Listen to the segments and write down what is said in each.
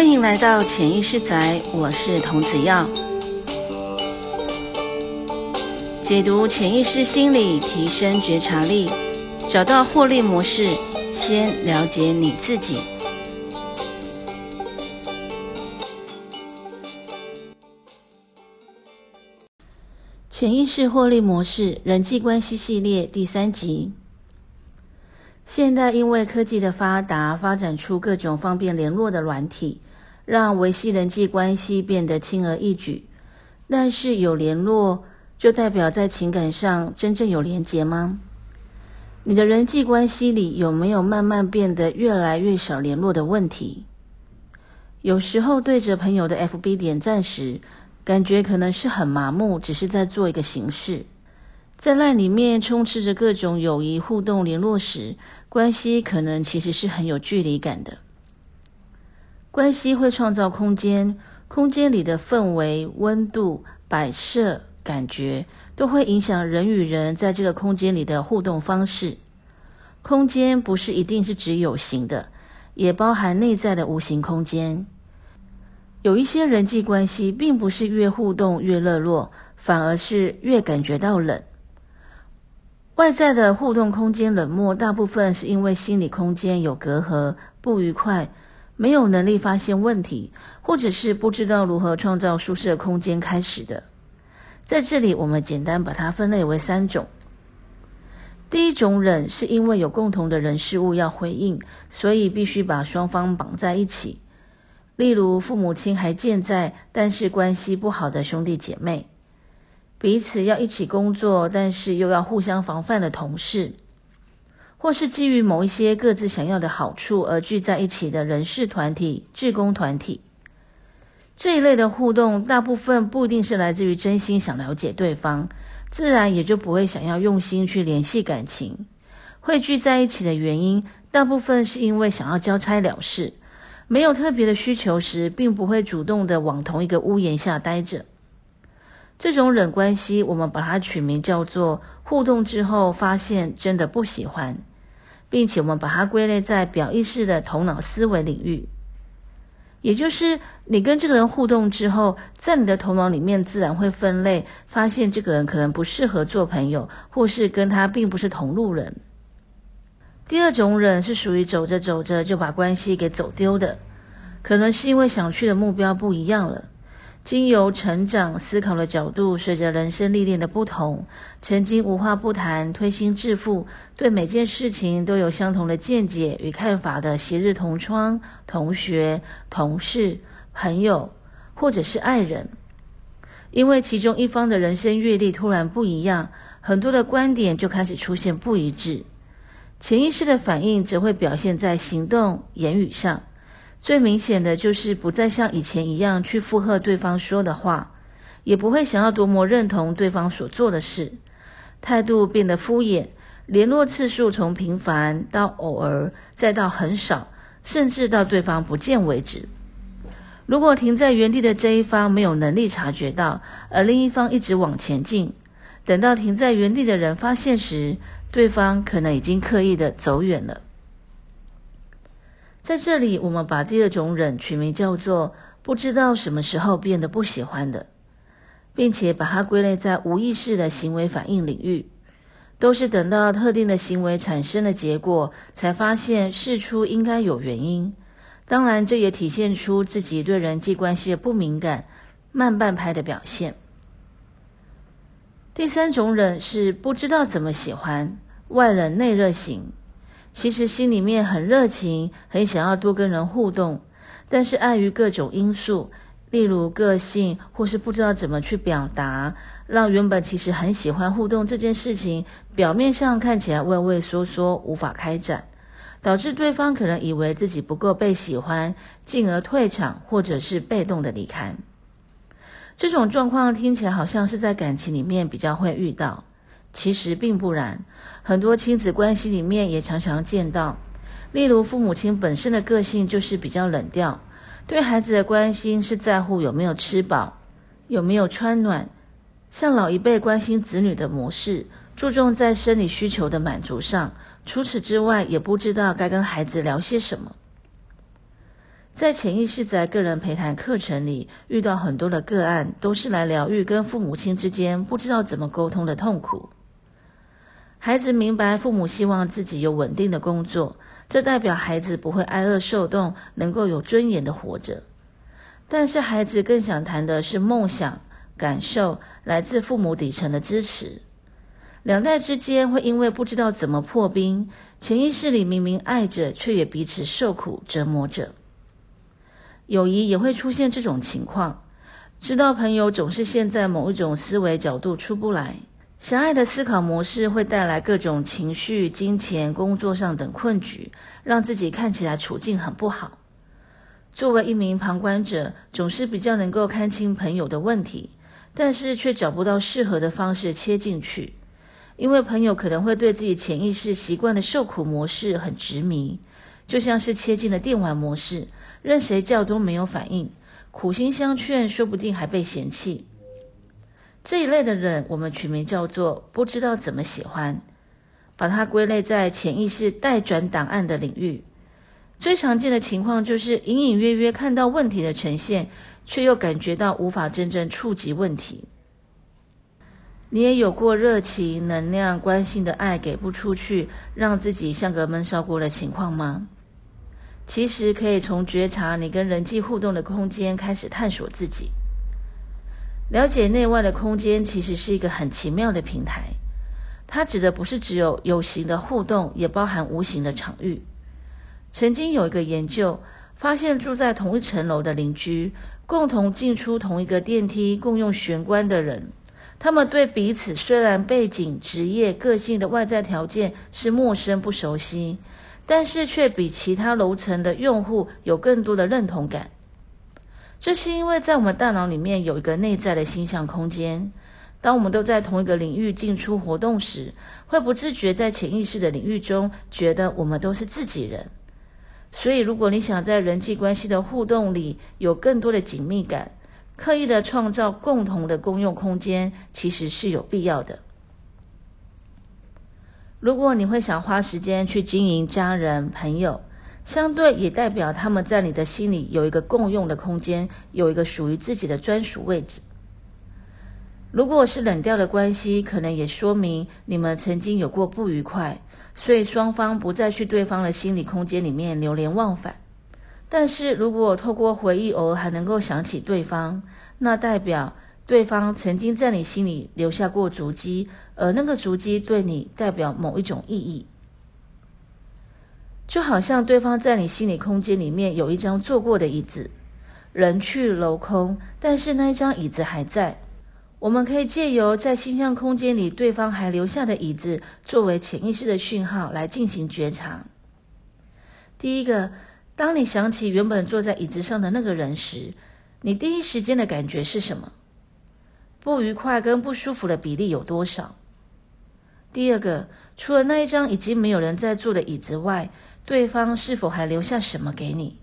歡迎來到潛意識宅，我是童子耀，解讀潛意識心理，提升覺察力，找到獲利模式，先了解你自己。潛意識獲利模式人際關係系列第三集。現代因為科技的發達，發展出各種方便聯絡的軟體。讓維繫人際關係變得輕而易舉，但是有聯絡就代表在情感上真正有連結嗎？你的人際關係裡有沒有慢慢變得越來越少聯絡的問題？有時候對着朋友的 FB 點讚時，感覺可能是很麻木，只是在做一個形式。在 LINE 裡面充斥着各種友誼互動聯絡時，關係可能其實是很有距離感的。關係會創造空間，空間裡的氛圍、溫度、擺設、感覺，都會影響人與人在這個空間裡的互動方式。空間不是一定是指有形的，也包含內在的無形空間。有一些人際關係，並不是越互動越熱絡，反而是越感覺到冷。外在的互動空間冷漠，大部分是因為心理空間有隔閡，不愉快。沒有能力發現問題，或者是不知道如何創造舒適的空間開始的。在這裡，我們簡單把它分類為三種。第一種忍是因為有共同的人事物要回應，所以必須把雙方綁在一起。例如父母親還健在，但是關係不好的兄弟姐妹彼此要一起工作，但是又要互相防範的同事。或是基於某一些各自想要的好處而聚在一起的人事團體、志工團體，這一類的互動，大部分不一定是來自於真心想了解對方，自然也就不會想要用心去聯繫感情。匯聚在一起的原因，大部分是因為想要交差了事，沒有特別的需求時，並不會主動的往同一個屋檐下待着。這種冷關係，我們把它取名叫做“互動之後發現真的不喜歡”。並且我們把它歸類在表意識的頭腦思維領域，也就是你跟這個人互動之後，在你的頭腦裡面自然會分類，發現這個人可能不適合做朋友，或是跟他並不是同路人。第二種人是屬於走着走着就把關係給走丟的，可能是因為想去的目標不一樣了。經由成長思考的角度，隨着人生歷練的不同，曾經無話不談、推心置腹，對每件事情都有相同的見解與看法的昔日同窗、同學、同事、朋友，或者是愛人，因為其中一方的人生閱歷突然不一樣，很多的觀點就開始出現不一致，潛意識的反應則會表現在行動、言語上。最明顯的就是不再像以前一樣去附和對方說的話，也不會想要多麼認同對方所做的事，態度變得敷衍，聯絡次數從頻繁到偶爾，再到很少，甚至到對方不見為止。如果停在原地的這一方沒有能力察覺到，而另一方一直往前進，等到停在原地的人發現時，對方可能已經刻意的走遠了。在這裡，我們把第二種忍取名叫做“不知道什麼時候變得不喜歡的”，並且把它歸類在無意識的行為反應領域，都是等到特定的行為產生的結果，才發現事出應該有原因。當然，這也體現出自己對人際關係的不敏感、慢半拍的表現。第三種忍是不知道怎麼喜歡，外冷內熱型。其實心裡面很熱情，很想要多跟人互動，但是礙於各種因素，例如個性或是不知道怎麼去表達，讓原本其實很喜歡互動這件事情，表面上看起來畏畏縮縮，無法開展，導致對方可能以為自己不夠被喜歡，進而退場或者是被動的離開。這種狀況聽起來好像是在感情裡面比較會遇到。其實並不然，很多親子關係裡面也常常見到，例如父母親本身的個性就是比較冷調，對孩子的關心是在乎有沒有吃飽，有沒有穿暖，像老一輩關心子女的模式，注重在生理需求的滿足上，除此之外也不知道該跟孩子聊些什麼。在潛意識在個人陪談課程裡遇到很多的個案，都是來療癒跟父母親之間不知道怎麼溝通的痛苦。孩子明白父母希望自己有穩定的工作，這代表孩子不會挨餓受凍，能夠有尊嚴的活着。但是孩子更想談的是夢想、感受，來自父母底層的支持。兩代之間會因為不知道怎麼破冰，潛意識裡明明愛着，卻也彼此受苦折磨着。友誼也會出現這種情況，知道朋友總是陷在某一種思維角度出不來。狹隘的思考模式會帶來各種情緒、金錢、工作上等困局，讓自己看起來處境很不好。作為一名旁觀者，總是比較能夠看清朋友的問題，但是卻找不到適合的方式切進去，因為朋友可能會對自己潛意識習慣的受苦模式很執迷，就像是切進了電玩模式，任誰叫都沒有反應，苦心相勸說不定還被嫌棄。這一類的人，我們取名叫做“不知道怎麼喜歡”，把它歸類在潛意識代轉檔案的領域。最常見的情況就是隱隱約約看到問題的呈現，卻又感覺到無法真正觸及問題。你也有過熱情、能量、關心的愛給不出去，讓自己像個悶燒鍋的情況嗎？其實可以從覺察你跟人際互動的空間開始探索自己。了解內外的空間其實是一個很奇妙的平台，它指的不是只有有形的互動，也包含無形的場域。曾經有一個研究發現，住在同一層樓的鄰居，共同進出同一個電梯、共用玄關的人，他們對彼此雖然背景、職業、個性的外在條件是陌生不熟悉，但是卻比其他樓層的用戶有更多的認同感。這是因為在我們大腦裡面有一個內在的心象空間，當我們都在同一個領域進出活動時，會不自覺在潛意識的領域中覺得我們都是自己人。所以，如果你想在人際關係的互動裡有更多的緊密感，刻意的創造共同的公用空間，其實是有必要的。如果你會想花時間去經營家人、朋友。相對也代表他們在你的心裡有一個共用的空間，有一個屬於自己的專屬位置。如果是冷掉的關係，可能也說明你們曾經有過不愉快，所以雙方不再去對方的心理空間裡面流連忘返。但是如果透過回憶偶爾還能夠想起對方，那代表對方曾經在你心裡留下過足跡，而那個足跡對你代表某一種意義。就好像對方在你心理空間裡面有一張坐過的椅子，人去樓空，但是那一張椅子還在。我們可以借由在心象空間裡對方還留下的椅子，作為潛意識的訊號來進行覺察。第一個，當你想起原本坐在椅子上的那個人時，你第一時間的感覺是什麼？不愉快跟不舒服的比例有多少？第二個，除了那一張已經沒有人在坐的椅子外，對方是否還留下什麼給你？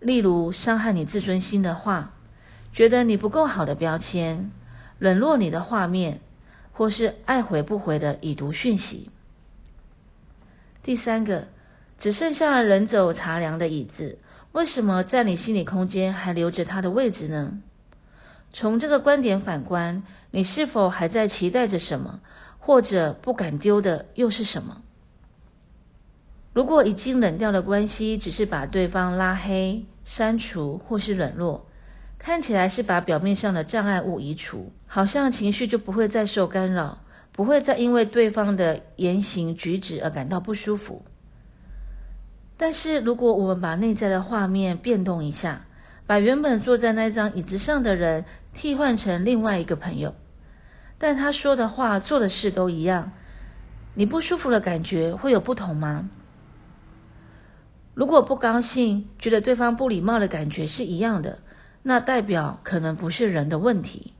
例如傷害你自尊心的話、覺得你不夠好的標籤、冷落你的畫面，或是愛回不回的已讀訊息。第三個，只剩下了人走茶涼的椅子，為什麼在你心理空間還留着他的位置呢？從這個觀點反觀，你是否還在期待着什麼，或者不敢丟的又是什麼？如果已經冷掉的關係，只是把對方拉黑、刪除或是冷落，看起來是把表面上的障礙物移除，好像情緒就不會再受干擾，不會再因為對方的言行舉止而感到不舒服。但是，如果我們把內在的畫面變動一下，把原本坐在那張椅子上的人替換成另外一個朋友，但他說的話、做的事都一樣，你不舒服的感覺會有不同嗎？如果不高興，覺得對方不禮貌的感覺是一樣的，那代表可能不是人的問題。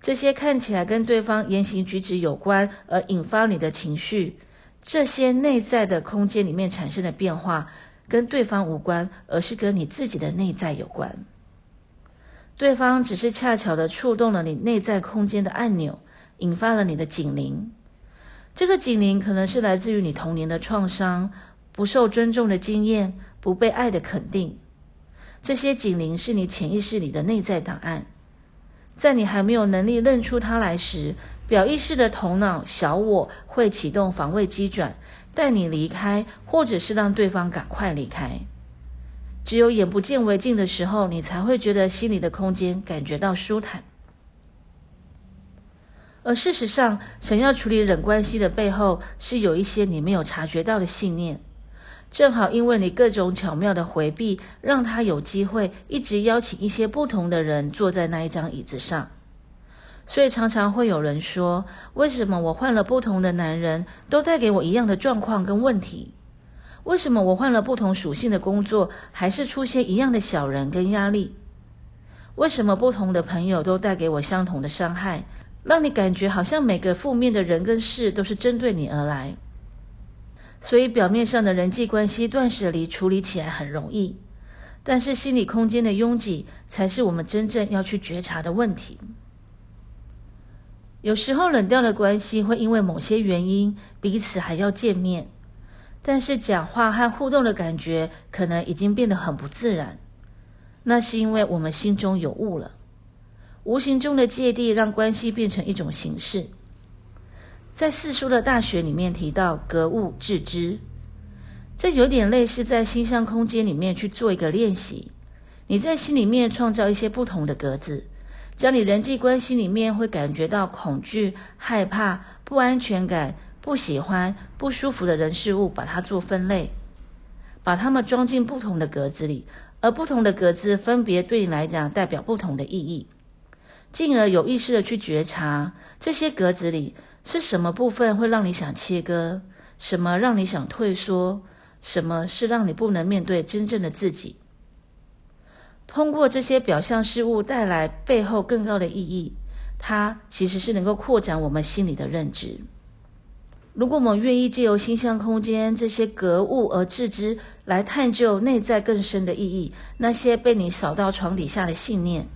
這些看起來跟對方言行舉止有關而引發你的情緒，這些內在的空間裡面產生的變化，跟對方無關，而是跟你自己的內在有關。對方只是恰巧的觸動了你內在空間的按鈕，引發了你的警鈴。這個警鈴可能是來自於你童年的創傷。不受尊重的經驗，不被愛的肯定，這些警鈴是你潛意識裡的內在檔案。在你還沒有能力認出他來時，表意識的頭腦小我會啟動防衛機轉，帶你離開，或者是讓對方趕快離開。只有眼不見為淨的時候，你才會覺得心裡的空間感覺到舒坦。而事實上，想要處理冷關係的背後，是有一些你沒有察覺到的信念。正好因為你各種巧妙的迴避，讓他有機會一直邀請一些不同的人坐在那一張椅子上，所以常常會有人說：為什麼我換了不同的男人，都帶給我一樣的狀況跟問題？為什麼我換了不同屬性的工作，還是出現一樣的小人跟壓力？為什麼不同的朋友都帶給我相同的傷害，讓你感覺好像每個負面的人跟事都是針對你而來？所以表面上的人際關係斷捨離處理起來很容易，但是心理空間的擁擠才是我們真正要去覺察的問題。有時候冷掉的關係會因為某些原因彼此還要見面，但是講話和互動的感覺可能已經變得很不自然。那是因為我們心中有物了，無形中的芥蒂讓關係變成一種形式。在四書的《大學》裡面提到“格物致知”，這有點類似在心象空間裡面去做一個練習。你在心裡面創造一些不同的格子，將你人際關係裡面會感覺到恐懼、害怕、不安全感、不喜歡、不舒服的人事物，把它做分類，把它們裝進不同的格子裡，而不同的格子分別對你來講代表不同的意義，進而有意識地去覺察這些格子裡。是什麼部分會讓你想切割？什麼讓你想退縮？什麼是讓你不能面對真正的自己？通過這些表象事物帶來背後更高的意義，它其實是能夠擴展我們心理的認知。如果我們願意借由心象空間這些格物而致知，來探究內在更深的意義，那些被你掃到床底下的信念，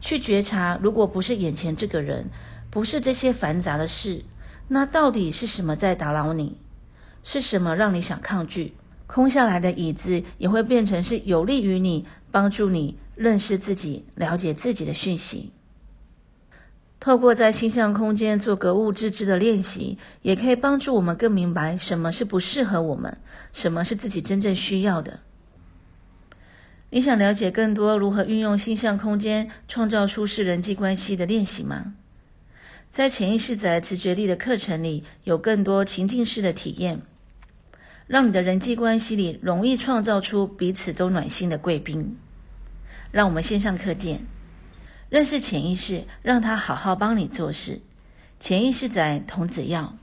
去覺察，如果不是眼前這個人。不是這些繁雜的事，那到底是什麼在打擾你？是什麼讓你想抗拒？空下來的椅子也會變成是有利於你、幫助你認識自己、了解自己的訊息。透過在心象空間做格物致知的練習，也可以幫助我們更明白什麼是不適合我們，什麼是自己真正需要的。你想了解更多如何運用心象空間創造舒適人際關係的練習嗎？在潛意識宅直覺力的課程裡，有更多情境式的體驗，讓你的人際關係裡容易創造出彼此都暖心的貴賓。讓我們先上課見，認識潛意識，讓他好好幫你做事。潛意識宅童子藥。